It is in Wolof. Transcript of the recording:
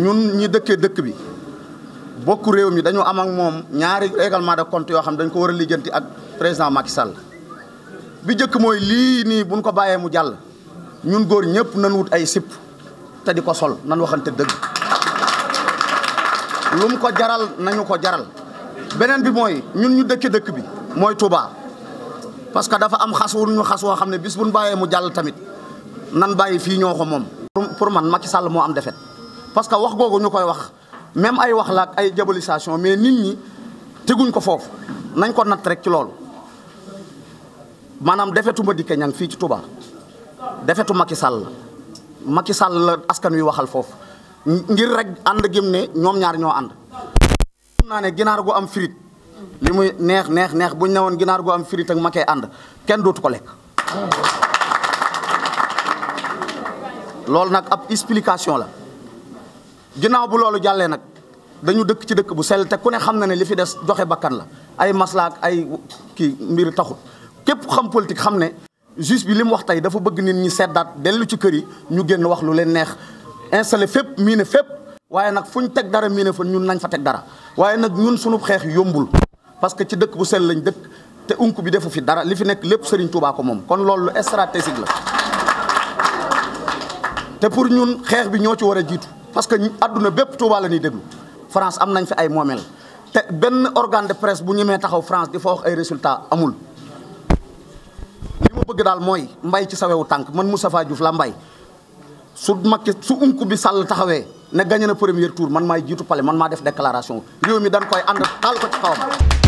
ñun ñi dëkkee dëkk bi bokk réew mi dañu am moom ñaari règlement de conte yoo xam dañ ko war a lijjanti ak président Macky bi njëkk mooy lii nii buñ ko bàyyee mu jàll ñun góor ñëpp nan wut ay sip te di ko sol nan waxante dëgg lu ko jaral nañu ko jaral beneen bi mooy ñun ñu dëkkee dëkk bi mooy Touba parce que dafa am xas wu ñu xas woo xam ne bis bu ñu bàyyee mu jàll tamit nan bàyyi fii ñoo ko moom. pour man Macky Sall moo am defet parce que wax googu ñu koy wax même ay wax la ay diabolisation mais nit ñi teguñ ko foofu nañ ko natt rek ci loolu maanaam defetuma dikke ñang fii ci Touba defetu Macky Sall Macky Sall la askan wi waxal foofu ngir rek ànd gim ne ñoom ñaar ñoo ànd naa ne ginaar gu am firit li muy neex neex neex buñ ne woon ginaar gu am firit ak Macky ànd kenn dootu ko lekk loolu nag ab explication la ginnaaw bu loolu jàllee nag dañu dëkk ci dëkk bu sell te ku ne xam na ne li fi des joxe bakkan la ay maslaak ay kii mbir taxut képp xam politique xam ne juge bi li mu wax tey dafa bëgg nit ñi seddaat dellu ci kër yi ñu génn wax lu leen neex installé fépp miine fépp waaye nag fu ñu teg dara miine fa ñun nañ fa teg dara waaye nag ñun sunu xeex yombul parce que ci dëkk bu sell lañ dëkk te unk bi defu fi dara li fi nekk lépp Serigne Touba moom kon loolu stratégique la te pour ñun xeex bi ñoo ci war a jiitu parce que àdduna bépp Touba la ñuy déglu France am nañ fi ay moomeel te benn organe de presse bu ñemee taxaw France di fa wax ay résultats amul. li ma bëgg daal mooy mbay ci sawewu tànk man Moustapha Diouf la mbay su Macky su unk bi sàll taxawee ne gagné na premier tour man maa jiitu pale man maa def déclaration réew mi dañ koy ànd taal ko ci xawam.